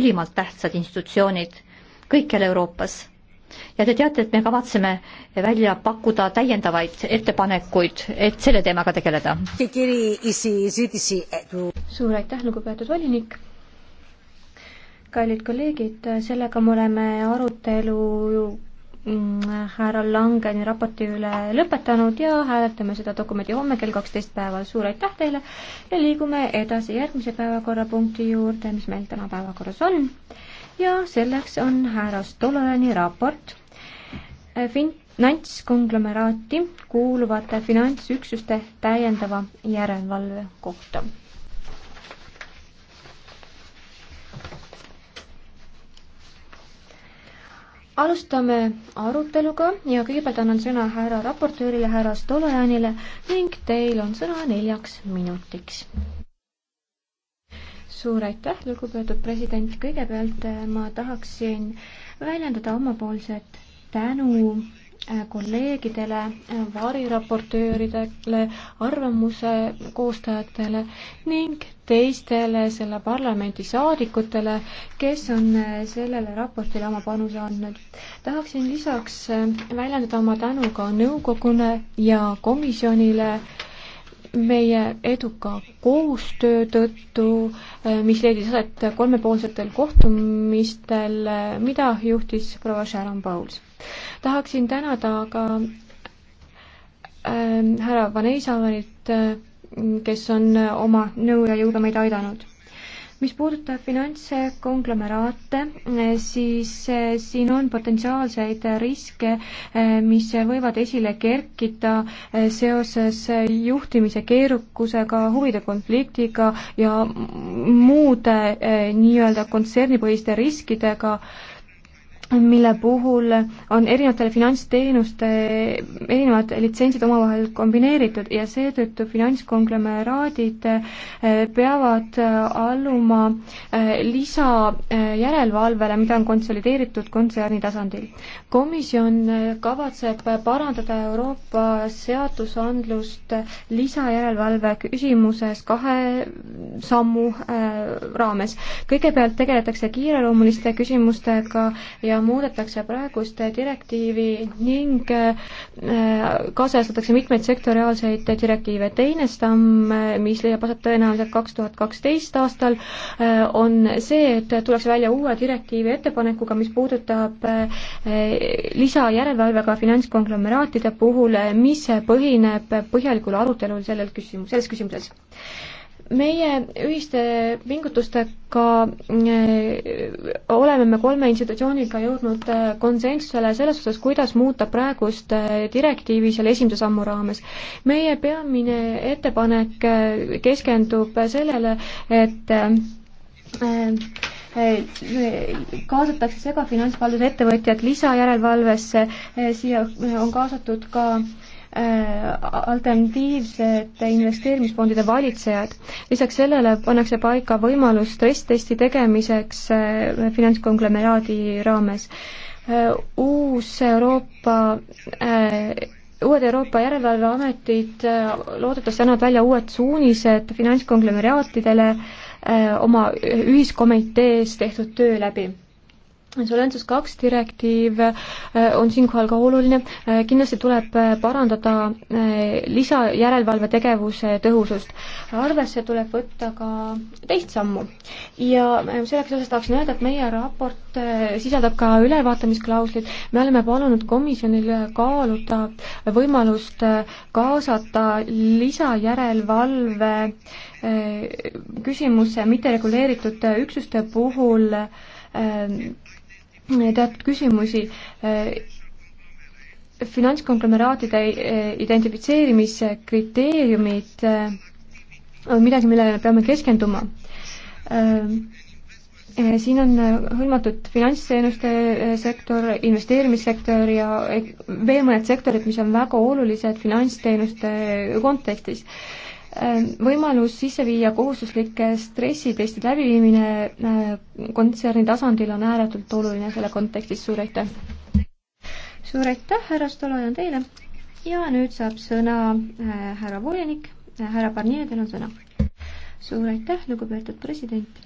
ülimalt tähtsad institutsioonid kõikjal Euroopas. ja te teate, et me kavatseme välja pakkuda täiendavaid ettepanekuid, et selle teemaga tegeleda. suur aitäh, lugupeetud volinik! kallid kolleegid, sellega me oleme arutelu Mm, härra Langeni raporti üle lõpetanud ja hääletame seda dokumendi homme kell kaksteist päeval. suur aitäh teile ja liigume edasi järgmise päevakorrapunkti juurde, mis meil täna päevakorras on. ja selleks on härra Stolani raport äh, finantskonglomeraati kuuluvate finantsüksuste täiendava järelevalve kohta alustame aruteluga ja kõigepealt annan sõna härra raportöörile, härra Stolojanile ning teil on sõna neljaks minutiks. suur aitäh, lugupeetud president, kõigepealt äh, ma tahaksin väljendada omapoolset tänu äh, kolleegidele, äh, variraportööridele, arvamuse koostajatele ning teistele selle parlamendi saadikutele, kes on äh, sellele raportile oma panuse andnud. tahaksin lisaks äh, väljendada oma tänu ka nõukogule ja komisjonile meie eduka koostöö tõttu, äh, mis leidis aset kolmepoolsetel kohtumistel, mida juhtis proua Sharon Pauls. tahaksin tänada ka äh, härra Vaneisavanit äh, kes on oma nõu ja jõuga meid aidanud. mis puudutab finantskonglomeraate, siis eh, siin on potentsiaalseid riske, eh, mis võivad esile kerkida eh, seoses juhtimise keerukusega, huvide konfliktiga ja muude nii-öelda kontsernipõhiste riskidega äh, mille puhul on erinevatele finantsteenuste erinevad litsentsid omavahel kombineeritud ja seetõttu finantskonglomeraadid eh, peavad eh, alluma eh, lisajärelevalvele, mida on konsolideeritud kontserni tasandil. komisjon kavatseb parandada Euroopa seadusandlust lisajärelevalve küsimuses kahe sammu raames. kõigepealt tegeletakse kiireloomuliste küsimustega ja muudetakse praegust direktiivi ning äh, kaasajastatakse mitmeid sektoriaalseid direktiive. teine stamm, mis leiab aset tõenäoliselt kaks tuhat kaksteist aastal, äh, on see, et tullakse välja uue direktiivi ettepanekuga, mis puudutab äh, lisajärelevalvega finantskonglomeraatide puhul, mis põhineb põhjalikul arutelul sellel küsimus, selles küsimuses meie ühiste pingutustega eh, oleme me kolme institutsiooniga jõudnud eh, konsensusele selles osas, kuidas muuta praegust eh, direktiivi selle esimese sammu raames. meie peamine ettepanek keskendub sellele, et kaasatakse segafinantspalduse ettevõtjad lisajärelevalvesse, siia on kaasatud ka Äh, alternatiivsete investeerimisfondide valitsejad. lisaks sellele pannakse paika võimalus stress-testi tegemiseks äh, finantskonglomeraadi raames. Äh, uus Euroopa uued Euroopa Järelevalveametid loodetavasti annavad välja uued suunised finantskonglomeraatidele oma ühiskomitees tehtud töö läbi Solventsus kaks direktiiv äh, on siinkohal ka oluline, äh, kindlasti tuleb äh, parandada lisajärelevalve tegevuse tõhusust. arvesse tuleb võtta ka teist sammu. ja selleks osas tahaksin öelda, et meie raport sisaldab ka ülevaatamisklauslit, me oleme palunud komisjonil kaaluda võimalust kaasata lisajärelevalve küsimusse mittereguleeritud üksuste puhul teatud küsimusi eh, finantskonglomeraatide eh, identifitseerimise kriteeriumid eh, on midagi, millele me peame keskenduma. siin on hõlmatud finantsteenuste sektor, investeerimissektor ja veel mõned sektorid, mis on väga olulised finantsteenuste kontekstis Äh, võimalus sisse viia kohustuslike stressitestide läbiviimine äh, kontserni tasandil on ääretult oluline selle kontekstis, suur aitäh! suur aitäh, härra Stolojan teile ja nüüd saab sõna äh, härra volinik, härra Barnier, teil on sõna. suur aitäh, lugupeetud president!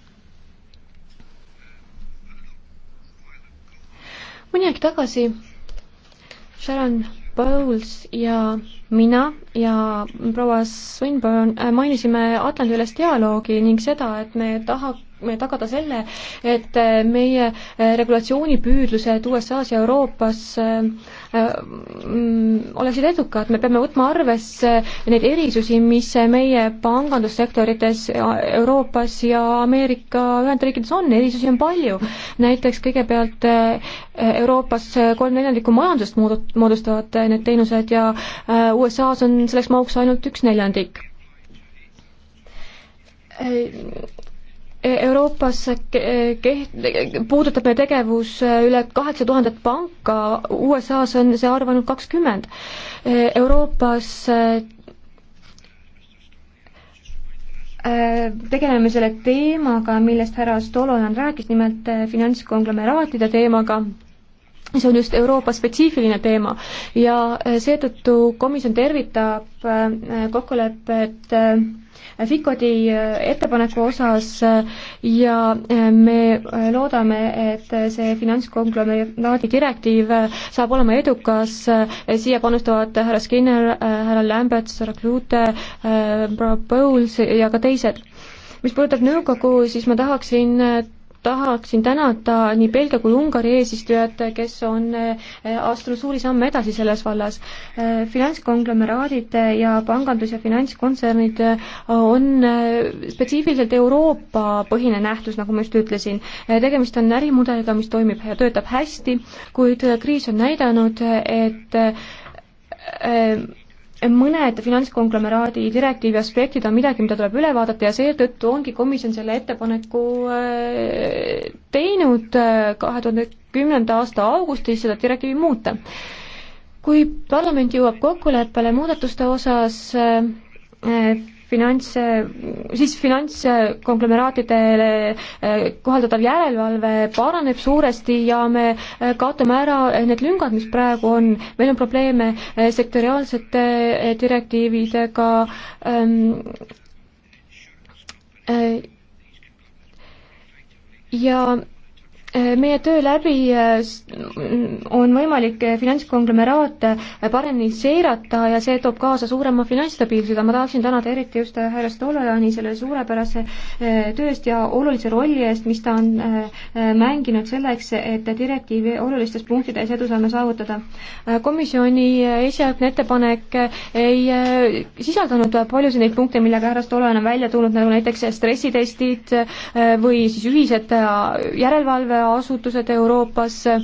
mõni aeg tagasi Sharon Bowles ja mina ja proua Swinburne äh, mainisime Atlandi-ülest dialoogi ning seda, et me taha, tagada selle, et äh, meie äh, regulatsioonipüüdlused USA-s ja Euroopas äh, mm, oleksid edukad, me peame võtma arvesse neid erisusi, mis meie pangandussektorites Euroopas ja Ameerika Ühendriikides on, erisusi on palju. näiteks kõigepealt Euroopas kolm neljandikku majandusest moodustavad need teenused ja USA-s on selleks mahuks ainult üks neljandik E, Euroopas keht-, puudutab meie tegevus e, üle kaheksa tuhandet panka, USA-s on see arv ainult kakskümmend. E, Euroopas tegeleme selle teemaga, millest härra Stolojan rääkis, nimelt finantskonglomeraatide teemaga, see on just Euroopa spetsiifiline teema ja seetõttu komisjon tervitab kokkulepet et Fikodi äh, ettepaneku osas äh, ja äh, me loodame, et see finantskonglomeraadi direktiiv saab olema edukas, siia panustavad härra Skinner, härra Lamberts, härra Klute, proua Bowles ja ka teised mis puudutab nõukogu, siis ma tahaksin tahaksin tänada nii Belgia kui Ungari eesistujat, kes on eh, astunud suuri samme edasi selles vallas. Eh, finantskonglomeraadid eh, ja pangandus- ja finantskontsernid on spetsiifiliselt Euroopa-põhine nähtus, nagu ma just ütlesin. tegemist on ärimudeliga, mis toimib ja töötab hästi, kuid kriis on näidanud, et mõned finantskonglomeraadi direktiivi aspektid on midagi, mida tuleb üle vaadata ja seetõttu ongi komisjon selle ettepaneku äh, teinud äh, kahe tuhande kümnenda aasta augustis seda direktiivi muuta. kui parlament jõuab kokkuleppele muudatuste osas, äh, finants, siis finantskonglomeraatidele eh, kohaldatav järelevalve paraneb suuresti ja me eh, kaotame ära need lüngad, mis praegu on. meil on probleeme eh, sektoriaalsete direktiividega ehm, ja meie töö läbi äh, on võimalik finantskonglomeraate paremini seirata ja see toob kaasa suurema finantsstabiilsuse. ma tahaksin tänada eriti just äh, härra Stolojani selle suurepärase äh, töö eest ja olulise rolli eest, mis ta on mänginud selleks, et direktiivi olulistes punktides edu saame saavutada. komisjoni esialgne ettepanek ei sisaldanud paljusid neid punkte, millega härra Stolojan on välja tulnud, nagu näiteks stressitestid või siis ühised järelevalve eraasutused Euroopas, eh,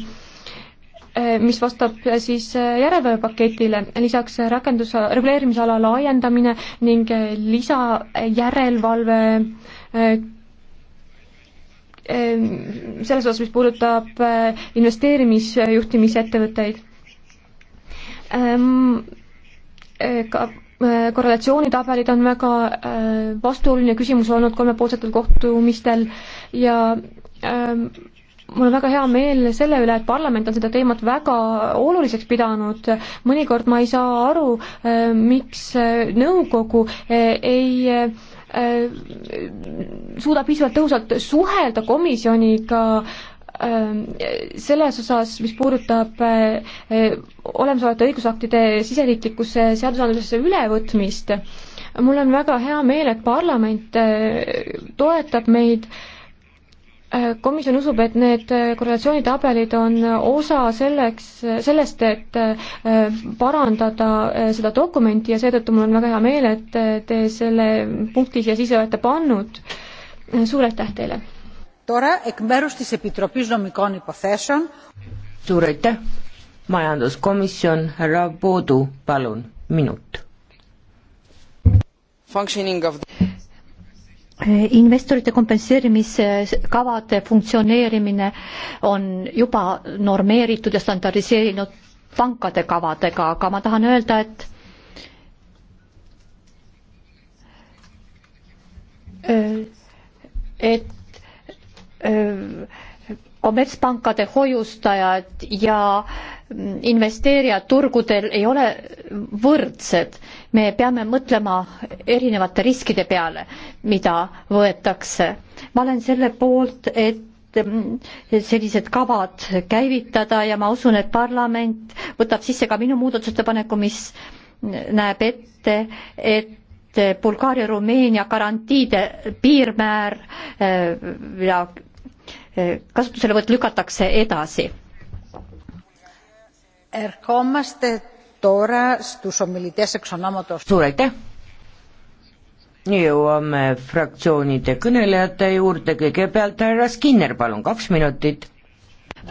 mis vastab siis eh, järelevalvepaketile, lisaks rakendus, reguleerimisala laiendamine ning eh, lisajärelevalve selles osas, mis puudutab investeerimisjuhtimisettevõtteid. Ehm, ka korrelatsioonitabelid on väga vastuoluline küsimus olnud kolmepoolsetel kohtumistel ja ehm, mul on väga hea meel selle üle, et parlament on seda teemat väga oluliseks pidanud, mõnikord ma ei saa aru, äh, miks äh, nõukogu äh, ei suuda piisavalt tõhusalt suhelda komisjoniga selles osas, mis puudutab olemasolevate õigusaktide siseriiklikusse seadusandlusesse ülevõtmist, mul on väga hea meel, et parlament toetab meid äh, komisjon usub, et need äh, korrelatsioonitabelid on äh, osa selleks, äh, sellest, et parandada seda dokumenti ja seetõttu mul on väga hea meel, et te selle punkti siia sisse olete pannud. suur aitäh teile! suur aitäh! majanduskomisjon, härra Poodu, palun, minut investorite kompenseerimiskavade funktsioneerimine on juba normeeritud ja standardiseerinud pankade kavadega, aga ma tahan öelda, et et kommertspankade hoiustajad ja investeerijad turgudel ei ole võrdsed me peame mõtlema erinevate riskide peale, mida võetakse. ma olen selle poolt, et mm, sellised kavad käivitada ja ma usun, et parlament võtab sisse ka minu muudatusettepaneku, mis näeb ette, et Bulgaaria, Rumeenia garantiide piirmäär eh, ja eh, kasutuselevõtt lükatakse edasi τώρα στους ομιλητές εξ ονόματος. Suur aitäh! nii jõuame fraktsioonide kõnelejate juurde, kõigepealt härra Skinner, palun, kaks minutit.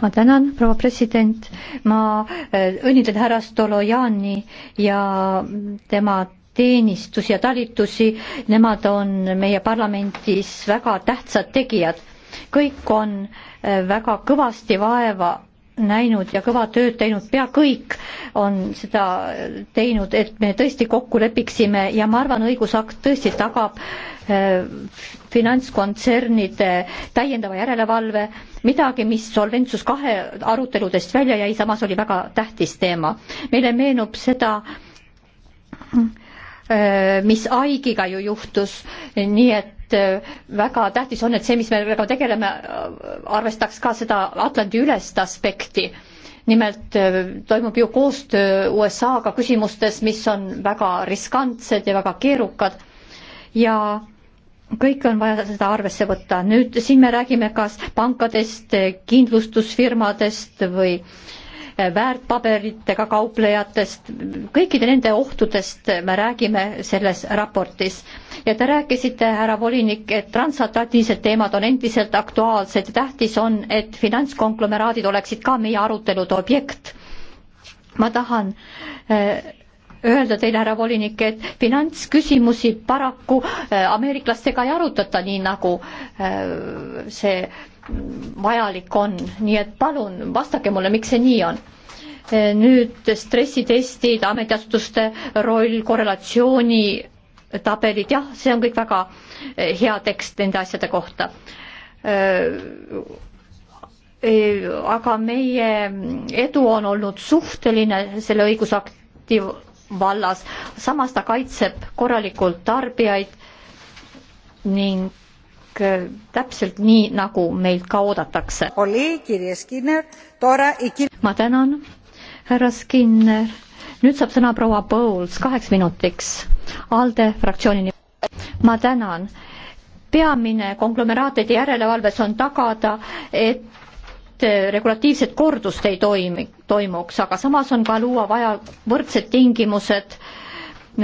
ma tänan, proua president, ma äh, õnnitlen härra Stolojani ja tema teenistusi ja talitusi, nemad on meie parlamendis väga tähtsad tegijad. kõik on äh, väga kõvasti vaeva näinud ja kõva tööd teinud, pea kõik on seda teinud, et me tõesti kokku lepiksime ja ma arvan, õigusakt tõesti tagab äh, finantskontsernide täiendava järelevalve, midagi, mis Solventsus kahe aruteludest välja jäi, samas oli väga tähtis teema. meile meenub seda äh, Äh, mis Aigiga ju juhtus, nii et äh, väga tähtis on, et see, mis me praegu tegeleme, äh, arvestaks ka seda Atlandi-ülest aspekti. nimelt toimub ju koostöö USA-ga küsimustes, mis on väga riskantsed ja väga keerukad ja kõike on vaja seda arvesse võtta. nüüd siin me räägime kas pankadest, kindlustusfirmadest või äh, väärtpaberitega kauplejatest, kõikide nende ohtudest me räägime selles raportis. ja te rääkisite, härra volinik, et transatlantilised teemad on endiselt aktuaalsed ja tähtis on, et finantskonglomeraadid oleksid ka meie arutelude objekt. ma tahan äh, öelda teile, härra volinik, et finantsküsimusi paraku äh, ameeriklastega ei arutata nii, nagu äh, see vajalik on, nii et palun vastake mulle, miks see nii on äh, nüüd stressitestid, ametiasutuste roll, korrelatsiooni tabelid, jah, see on kõik väga hea tekst nende asjade kohta. aga meie edu on olnud suhteline selle õigusakti vallas, samas ta kaitseb korralikult tarbijaid ning äh, täpselt nii, nagu meilt ka oodatakse. ma tänan, härra Skinner. nüüd saab sõna proua Bowles kaheks minutiks ALDE fraktsiooni nimel. ma tänan. peamine konglomeraatide järelevalves on tagada, et et regulatiivset kordust ei toimi, toimuks, aga samas on ka luua vaja võrdsed tingimused eh,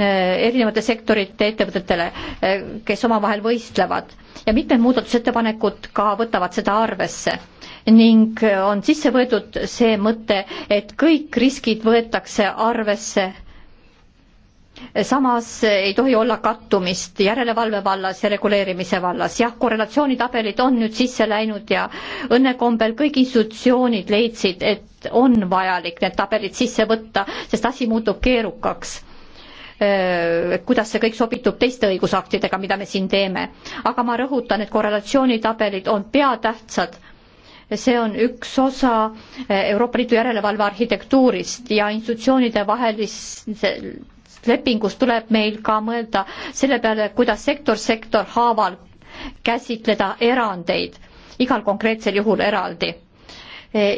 erinevate sektorite ettevõtetele, eh, kes omavahel võistlevad ja mitmed muudatusettepanekud ka võtavad seda arvesse. ning eh, on sisse võetud see mõte, et kõik riskid võetakse arvesse samas ei tohi olla kattumist järelevalve vallas ja reguleerimise vallas. jah, korrelatsioonitabelid on nüüd sisse läinud ja õnnekombel kõik institutsioonid leidsid, et on vajalik need tabelid sisse võtta, sest asi muutub keerukaks. Äh, kuidas see kõik sobitub teiste õigusaktidega, mida me siin teeme. aga ma rõhutan, et korrelatsioonitabelid on peatähtsad see on üks osa äh, Euroopa Liidu järelevalve arhitektuurist ja institutsioonide vahelisel sellest lepingust tuleb meil ka mõelda selle peale, kuidas sektor sektor haaval käsitleda erandeid, igal konkreetsel juhul eraldi.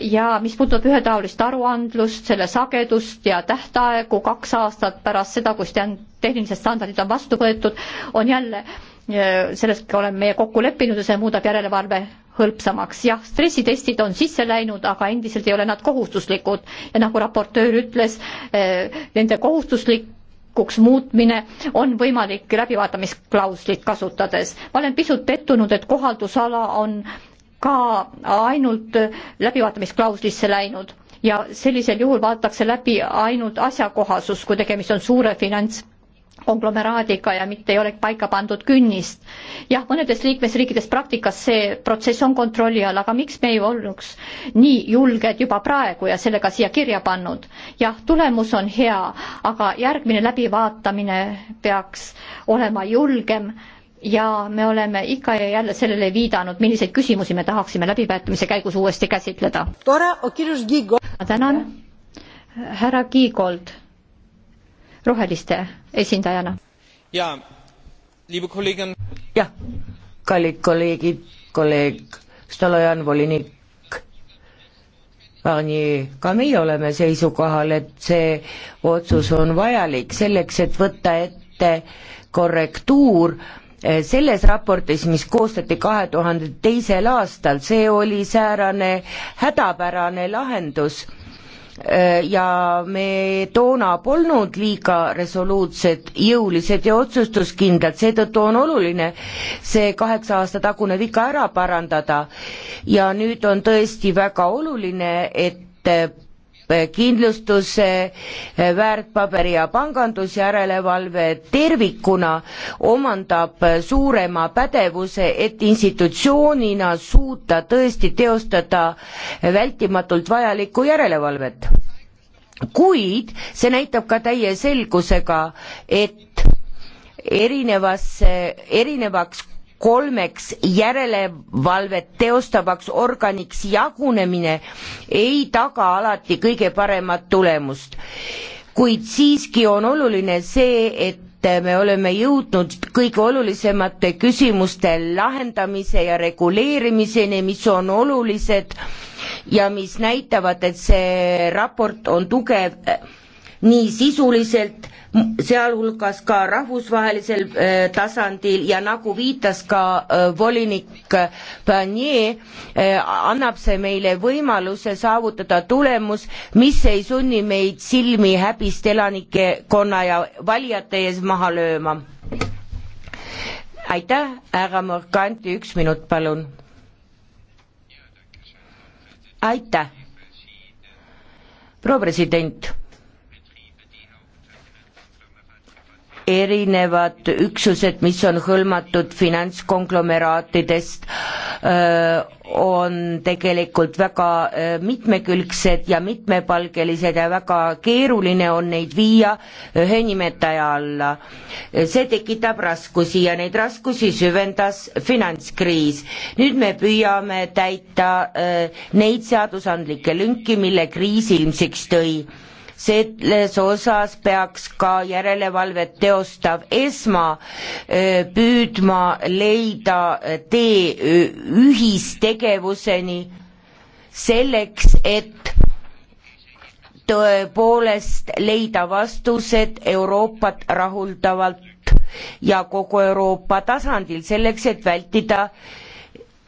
ja mis puudutab ühetaolist aruandlust, selle sagedust ja tähtaegu kaks aastat pärast seda, kui tehnilised standardid on vastu võetud, on jälle sellest oleme meie kokku leppinud ja see muudab järelevalve hõlpsamaks. jah, stressitestid on sisse läinud, aga endiselt ei ole nad kohustuslikud ja nagu raportöör ütles, eh, nende kohustuslik paindlikuks muutmine on võimalik läbivaatamisklauslit kasutades. ma olen pisut pettunud, et kohaldusala on ka ainult läbivaatamisklauslisse läinud ja sellisel juhul vaadatakse läbi ainult asjakohasus, kui tegemist on suure finants konglomeraadiga ja mitte ei ole paika pandud künnist. jah, mõnedes liikmesriikides praktikas see protsess on kontrolli all, aga miks me ei olnuks nii julged juba praegu ja selle ka siia kirja pannud? jah, tulemus on hea, aga järgmine läbivaatamine peaks olema julgem ja me oleme ikka ja jälle sellele viidanud, milliseid küsimusi me tahaksime läbipäätmise käigus uuesti käsitleda. tänan, härra Kiigold roheliste esindajana. jaa, jah, kallid kolleegid, kolleeg Stolojan, volinik Barnier, ka meie oleme seisukohal, et see otsus on vajalik selleks, et võtta ette korrektuur eh, selles raportis, mis koostati kahe tuhande teisel aastal, see oli säärane hädapärane lahendus Äh, ja me toona polnud liiga resoluutsed, jõulised ja otsustuskindlad, seetõttu on oluline see kaheksa aasta tagune viga ära parandada. ja nüüd on tõesti väga oluline, et kindlustuse, väärtpaberi ja pangandusjärelevalve tervikuna omandab suurema pädevuse, et institutsioonina suuta tõesti teostada vältimatult vajalikku järelevalvet. kuid see näitab ka täie selgusega, et erinevasse, erinevaks kolmeks järelevalvet teostavaks organiks jagunemine ei taga alati kõige paremat tulemust. kuid siiski on oluline see, et me oleme jõudnud kõige olulisemate küsimuste lahendamise ja reguleerimiseni, mis on olulised ja mis näitavad, et see raport on tugev nii sisuliselt, sealhulgas ka rahvusvahelisel äh, tasandil ja nagu viitas ka äh, volinik äh, Barnier, annab see meile võimaluse saavutada tulemus, mis ei sunni meid silmi häbist elanikkonna ja valijate ees maha lööma. aitäh, härra Morganti, üks minut, palun. aitäh proua president erinevad üksused, mis on hõlmatud finantskonglomeraatidest, on tegelikult väga mitmekülgsed ja mitmepalgelised ja väga keeruline on neid viia ühe nimetaja alla. see tekitab raskusi ja neid raskusi süvendas finantskriis. nüüd me püüame täita neid seadusandlikke lünki, mille kriis ilmsiks tõi selles osas peaks ka järelevalvet teostav ESMA püüdma leida tee ühistegevuseni selleks, et tõepoolest leida vastused Euroopat rahuldavalt ja kogu Euroopa tasandil selleks, et vältida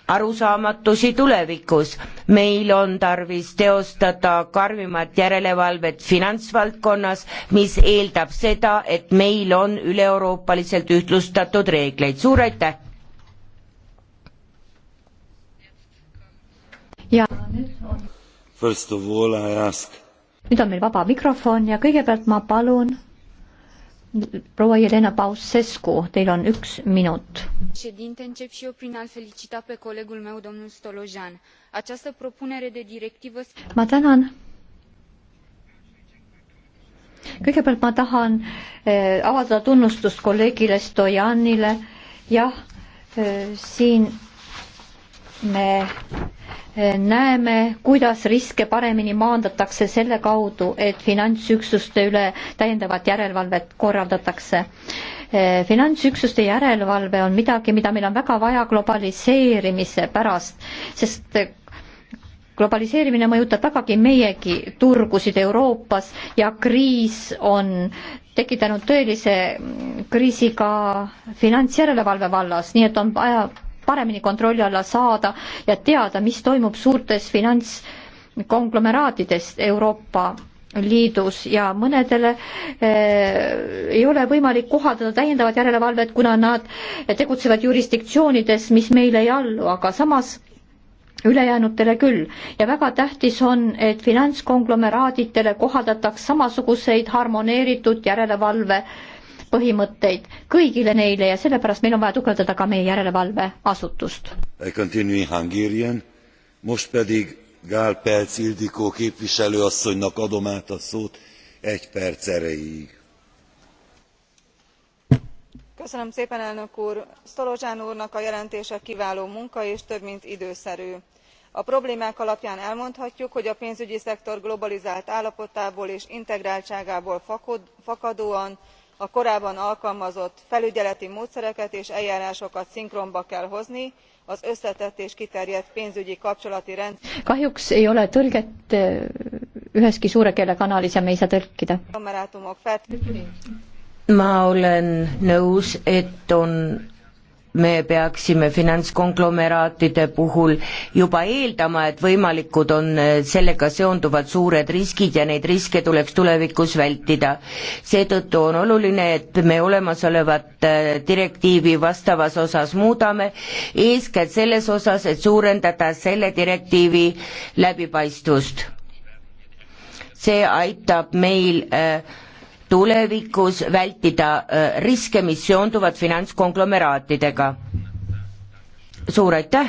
arusaamatusi tulevikus. meil on tarvis teostada karmimat järelevalvet finantsvaldkonnas, mis eeldab seda, et meil on üle-euroopaliselt ühtlustatud reegleid, suur aitäh! ja nüüd on meil vaba mikrofon ja kõigepealt ma palun proua Jelena Pausescu, teil on üks minut. încep și eu prin a-l felicita pe colegul meu, domnul Stolojan. Această propunere de directivă... Ma tänan. Kõigepealt ma tahan eh, avaldada tunnustust kolleegile Stojanile. Jah, eh, siin me näeme, kuidas riske paremini maandatakse selle kaudu, et finantsüksuste üle täiendavat järelevalvet korraldatakse. Eh, finantsüksuste järelevalve on midagi, mida meil on väga vaja globaliseerimise pärast, sest eh, globaliseerimine mõjutab vägagi meiegi turgusid Euroopas ja kriis on tekitanud tõelise kriisi ka finantsjärelevalve vallas, nii et on vaja paremini kontrolli alla saada ja teada, mis toimub suurtes finantskonglomeraatides Euroopa Liidus ja mõnedele eh, ei ole võimalik kohaldada täiendavat järelevalvet, kuna nad tegutsevad jurisdiktsioonides, mis meile ei allu, aga samas ülejäänutele küll ja väga tähtis on, et finantskonglomeraaditele kohaldataks samasuguseid harmoneeritud järelevalve eh, põhimõtteid kõigile neile ja sellepärast meil on vaja tugevdada ka meie järelevalveasutust. Most pedig Gál Perc Ildikó képviselőasszonynak adom át a szót egy perc erejéig. Köszönöm szépen, elnök úr! Sztorozsán úrnak a jelentése kiváló munka és több mint időszerű a problémák alapján elmondhatjuk hogy a pénzügyi szektor globalizált állapotából és integráltságából fakadóan a korábban alkalmazott felügyeleti módszereket és eljárásokat szinkronba kell hozni az összetett és kiterjedt pénzügyi kapcsolati rendszerek. kahjuks ei ole tõlget eh, üheski suure keelekanalis ja me ei saa tõlkida. ma olen nõus et on me peaksime finantskonglomeraatide puhul juba eeldama, et võimalikud on äh, sellega seonduvad suured riskid ja neid riske tuleks tulevikus vältida. seetõttu on oluline, et me olemasolevat äh, direktiivi vastavas osas muudame, eeskätt selles osas, et suurendada selle direktiivi läbipaistvust. see aitab meil äh, tulevikus vältida äh, riske, mis seonduvad finantskonglomeraatidega. suur aitäh.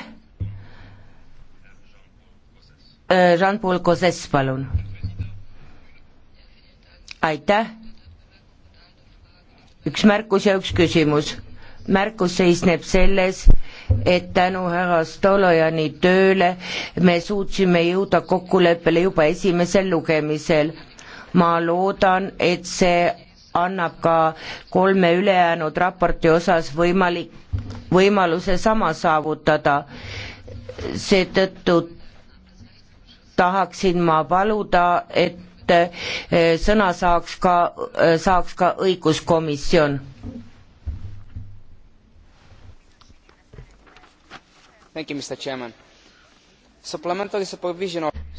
Äh, Jean-Paul Cosses, palun. aitäh. üks märkus ja üks küsimus. märkus seisneb selles, et tänu härra Stolojani tööle me suutsime jõuda kokkuleppele juba esimesel lugemisel ma loodan, et see annab ka kolme ülejäänud raporti osas võimalik, võimaluse sama saavutada. seetõttu tahaksin ma paluda, et e, sõna saaks ka, e, saaks ka õiguskomisjon.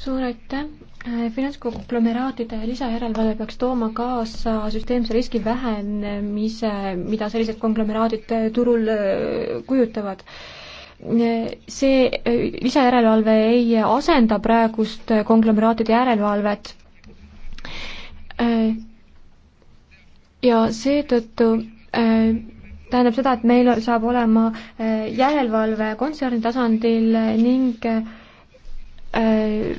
suur aitäh, Äh, finantskonglomeraatide lisajärelevalve peaks tooma kaasa süsteemse riski vähenemise, mida sellised konglomeraadid äh, turul äh, kujutavad. see lisajärelevalve ei asenda praegust konglomeraatide järelevalvet ja seetõttu tähendab seda, et meil saab olema järelevalve kontserni tasandil ning Äh,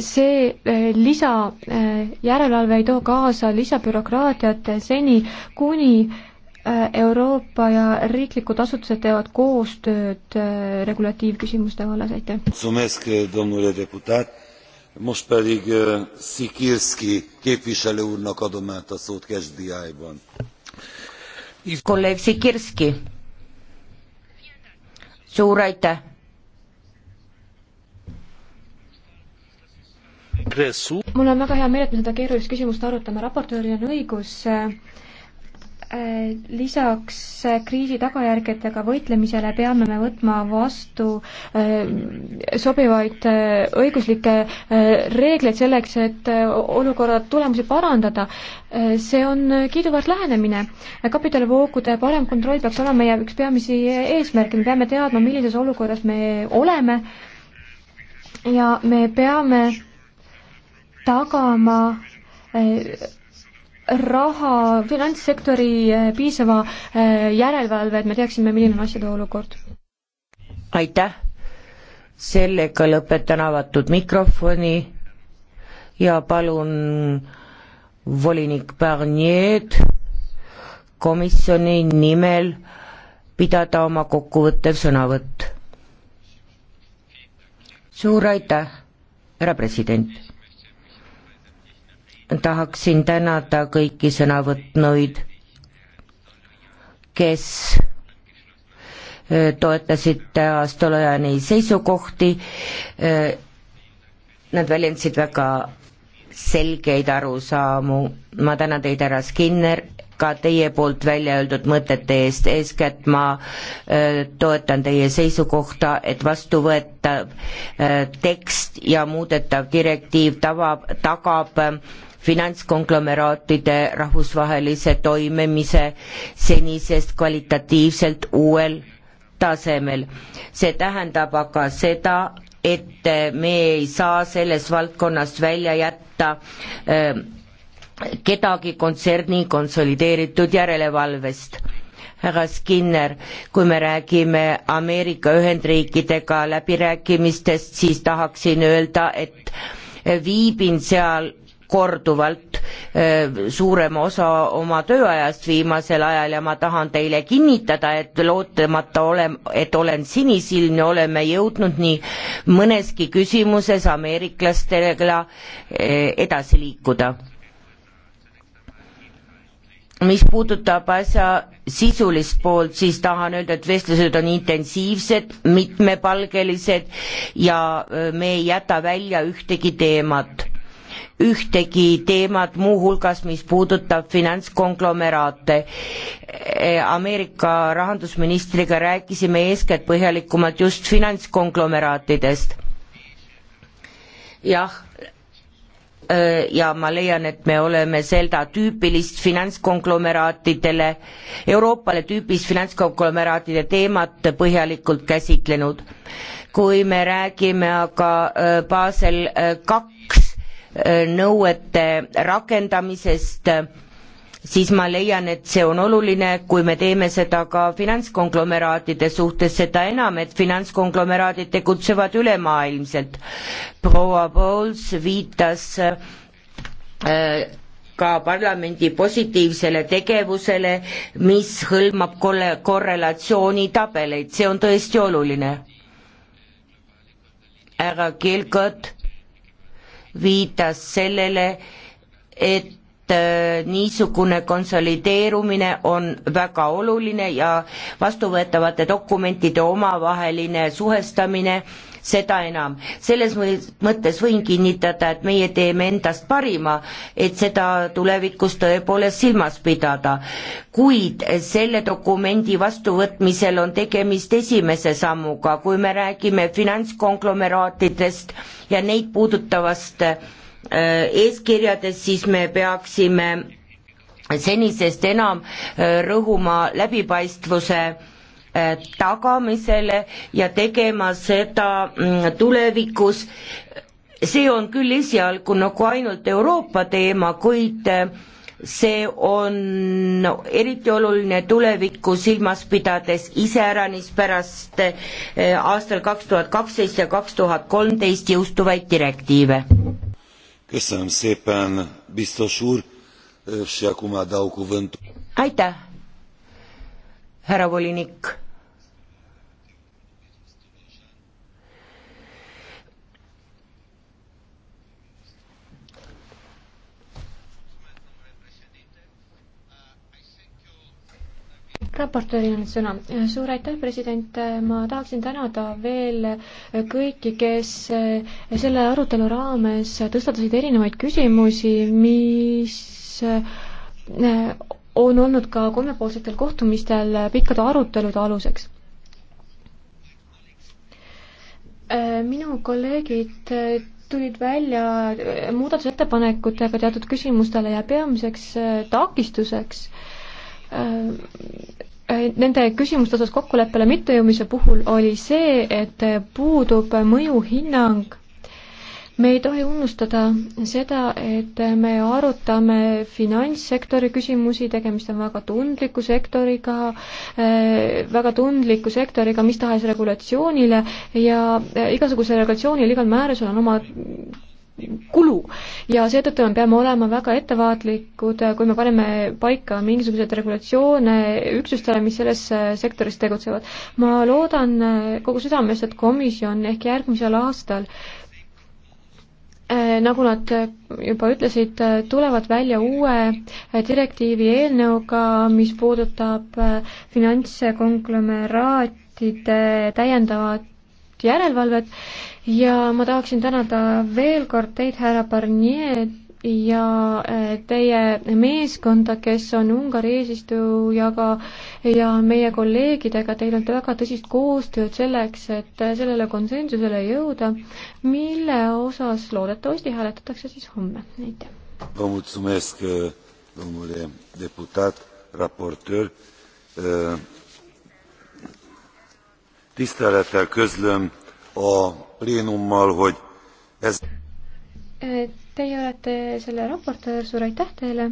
see äh, lisa äh, järelevalve ei too kaasa lisabürokraatiat seni, kuni Euroopa ja riiklikud asutused teevad koostööd regulatiivküsimuste vallas, aitäh. Most pedig Szikirszki képviselő úrnak adom át a szót Kesdiájban. kolleeg Szikirszki, suur aitäh! okresu. mul on väga hea meel, et me seda keerulist küsimust arutame, raportööril on õigus äh, lisaks kriisi tagajärgedega võitlemisele peame me võtma vastu äh, sobivaid äh, õiguslikke reegleid selleks, et olukorra tulemusi parandada. see on kiiduväärt lähenemine. kapitalivoogude parem kontroll peaks olema meie üks peamisi eesmärke, me peame teadma, millises olukorras me oleme ja me peame tagama eh, raha finantssektori eh, piisava eh, järelevalve, et me teaksime, milline on asjade olukord. aitäh, sellega lõpetan avatud mikrofoni ja palun volinik Barnier'd komisjoni nimel pidada oma kokkuvõttev sõnavõtt. suur aitäh, härra president tahaksin tänada kõiki sõnavõtnuid, kes toetasid Astolojani seisukohti, nad väljendasid väga selgeid arusaamu, ma tänan teid, härra Skinner, ka teie poolt välja öeldud mõtete eest, eeskätt ma toetan teie seisukohta, et vastuvõetav tekst ja muudetav direktiiv tavab, tagab finantskonglomeraatide rahvusvahelise toimimise senisest kvalitatiivselt uuel tasemel. see tähendab aga seda, et me ei saa sellest valdkonnast välja jätta ähm, kedagi kontserni konsolideeritud järelevalvest härra Skinner, kui me räägime Ameerika Ühendriikidega läbirääkimistest, siis tahaksin öelda, et viibin seal korduvalt äh, suurema osa oma tööajast viimasel ajal ja ma tahan teile kinnitada, et lootamata ole, et olen sinisilmne, oleme jõudnud nii mõneski küsimuses ameeriklastega äh, edasi liikuda. mis puudutab asja sisulist poolt, siis tahan öelda, et vestlused on intensiivsed, mitmepalgelised ja äh, me ei jäta välja ühtegi teemat ühtegi teemat, muuhulgas mis puudutab finantskonglomeraate. E, Ameerika rahandusministriga rääkisime eeskätt põhjalikumalt just finantskonglomeraatidest. jah, e, ja ma leian, et me oleme seda tüüpilist finantskonglomeraatidele, Euroopale tüüpilist finantskonglomeraatide teemat põhjalikult käsitlenud. kui me räägime aga e, Basel kaks Äh, nõuete rakendamisest, siis ma leian, et see on oluline, kui me teeme seda ka finantskonglomeraatide suhtes, seda enam, et finantskonglomeraadid tegutsevad ülemaailmselt. proua Pauls viitas äh, ka parlamendi positiivsele tegevusele, mis hõlmab kolle-, korrelatsioonitabeleid, see on tõesti oluline. härra Kilkot viitas sellele, et äh, niisugune konsolideerumine on väga oluline ja vastuvõetavate dokumentide omavaheline suhestamine seda enam. selles mõttes võin kinnitada, et meie teeme endast parima, et seda tulevikus tõepoolest silmas pidada. kuid selle dokumendi vastuvõtmisel on tegemist esimese sammuga, kui me räägime finantskonglomeraatidest ja neid puudutavast äh, eeskirjadest, siis me peaksime senisest enam äh, rõhuma läbipaistvuse Äh, tagamisele ja tegema seda mm, tulevikus. see on küll esialgu nagu ainult Euroopa teema, kuid äh, see on eriti oluline tulevikku silmas pidades iseäranis pärast äh, aastal kaks tuhat kaksteist ja kaks tuhat kolmteist jõustuvaid direktiive. köszönöm szépen, biztos úr, és akkor már aitäh, härra volinik raportööril on sõna. suur aitäh, president, ma tahaksin tänada veel kõiki, kes selle arutelu raames tõstatasid erinevaid küsimusi, mis äh, on olnud ka kolmepoolsetel kohtumistel pikkade arutelude aluseks. Äh, minu kolleegid äh, tulid välja muudatusettepanekutega teatud küsimustele ja peamiseks takistuseks äh, Äh, nende küsimuste osas kokkuleppele mittejõudmise puhul oli see, et puudub mõjuhinnang. me ei tohi unustada seda, et me arutame finantssektori küsimusi, tegemist on väga tundliku sektoriga, äh, väga tundliku sektoriga mis tahes regulatsioonile ja äh, igasugusel regulatsioonil, igal määrusel on oma kulu. ja seetõttu me peame olema väga ettevaatlikud, kui me paneme paika mingisuguseid regulatsioone üksustele, mis selles sektoris tegutsevad. ma loodan kogu südamest, et komisjon ehk järgmisel aastal eh, nagu nad juba ütlesid, tulevad välja uue direktiivi eelnõuga, mis puudutab eh, finantskonglomeraatide täiendavat järelevalvet ja ma tahaksin tänada veel kord teid, härra Barnier, ja äh, teie meeskonda, kes on Ungari eesistujaga ja meie kolleegidega teinud väga tõsist koostööd selleks, et äh, sellele konsensusele jõuda, mille osas loodetavasti hääletatakse siis homme, aitäh. Vă mulțumesc, domnule deputat, raportor. Äh, tisztelettel közlöm a plénummal, hogy ez... Teie olete selle raportöör, suur aitäh teile!